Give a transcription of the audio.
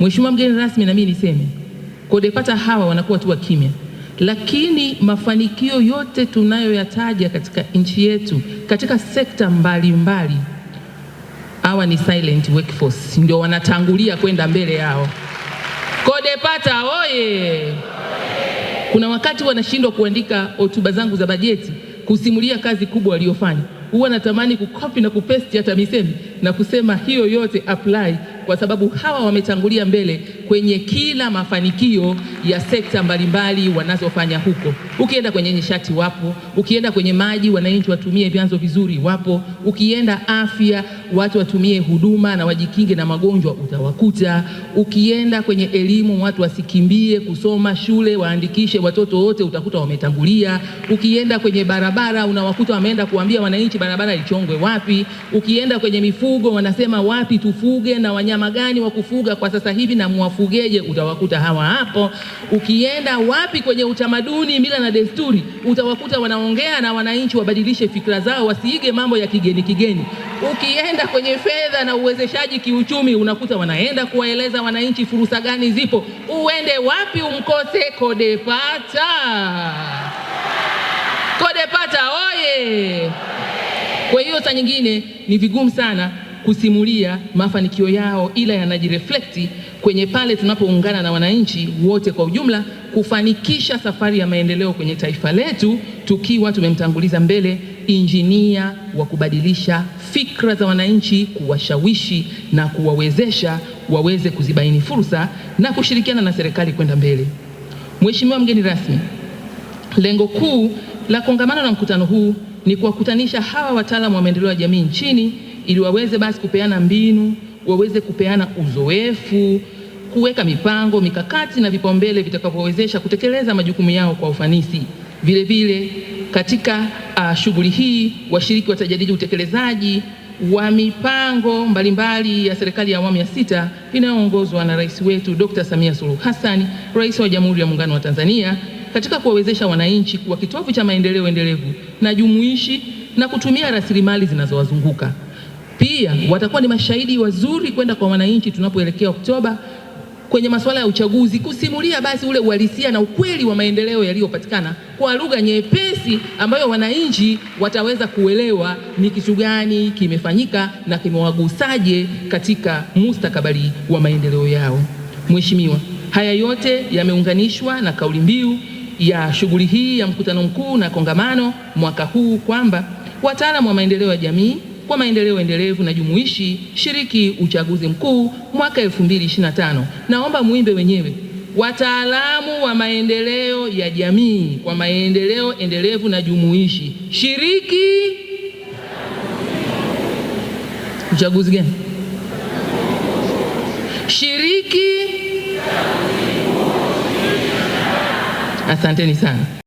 Mheshimiwa mgeni rasmi, na mimi niseme kodepata hawa wanakuwa tu wakimya, lakini mafanikio yote tunayoyataja katika nchi yetu katika sekta mbalimbali hawa mbali, ni silent workforce ndio wanatangulia kwenda mbele yao. kodepata oye! Kuna wakati wanashindwa kuandika hotuba zangu za bajeti kusimulia kazi kubwa waliyofanya, huwa natamani kukopi na kupesti hata misemi na kusema hiyo yote apply kwa sababu hawa wametangulia mbele kwenye kila mafanikio ya sekta mbalimbali wanazofanya huko. Ukienda kwenye nishati wapo, ukienda kwenye maji, wananchi watumie vyanzo vizuri wapo, ukienda afya, watu watumie huduma na wajikinge na magonjwa utawakuta, ukienda kwenye elimu, watu wasikimbie kusoma shule, waandikishe watoto wote, utakuta wametangulia. Ukienda kwenye barabara, unawakuta wameenda kuambia wananchi barabara ichongwe wapi. Ukienda kwenye mifugo, wanasema wapi tufuge na wanyama mnyama gani wa kufuga kwa sasa hivi na mwafugeje, utawakuta hawa hapo. Ukienda wapi kwenye utamaduni, mila na desturi, utawakuta wanaongea na wananchi wabadilishe fikra zao, wasiige mambo ya kigeni kigeni. Ukienda kwenye fedha na uwezeshaji kiuchumi, unakuta wanaenda kuwaeleza wananchi fursa gani zipo. Uende wapi umkose kodepata kodepata oye! Kwa hiyo saa nyingine ni vigumu sana kusimulia mafanikio yao, ila yanajireflekti kwenye pale tunapoungana na wananchi wote kwa ujumla kufanikisha safari ya maendeleo kwenye taifa letu, tukiwa tumemtanguliza mbele injinia wa kubadilisha fikra za wananchi, kuwashawishi na kuwawezesha waweze kuzibaini fursa na kushirikiana na serikali kwenda mbele. Mheshimiwa mgeni rasmi, lengo kuu la kongamano na mkutano huu ni kuwakutanisha hawa wataalamu wa maendeleo ya jamii nchini ili waweze basi kupeana mbinu, waweze kupeana uzoefu, kuweka mipango mikakati na vipaumbele vitakavyowezesha kutekeleza majukumu yao kwa ufanisi. Vile vile katika uh, shughuli hii washiriki watajadili utekelezaji wa mipango mbalimbali ya serikali ya awamu ya sita inayoongozwa na rais wetu Dr. Samia Suluhu Hassan, rais wa Jamhuri ya Muungano wa Tanzania, katika kuwawezesha wananchi kuwa kitovu cha maendeleo endelevu na jumuishi na kutumia rasilimali zinazowazunguka. Pia watakuwa ni mashahidi wazuri kwenda kwa wananchi tunapoelekea Oktoba kwenye masuala ya uchaguzi, kusimulia basi ule uhalisia na ukweli wa maendeleo yaliyopatikana kwa lugha nyepesi ambayo wananchi wataweza kuelewa ni kitu gani kimefanyika na kimewagusaje katika mustakabali wa maendeleo yao. Mheshimiwa, haya yote yameunganishwa na kauli mbiu ya shughuli hii ya mkutano mkuu na kongamano mwaka huu kwamba wataalamu wa maendeleo ya jamii kwa maendeleo endelevu na jumuishi, shiriki uchaguzi mkuu mwaka 2025. Naomba muimbe wenyewe, wataalamu wa maendeleo ya jamii kwa maendeleo endelevu na jumuishi, shiriki uchaguzi gani? Shiriki. Asanteni sana.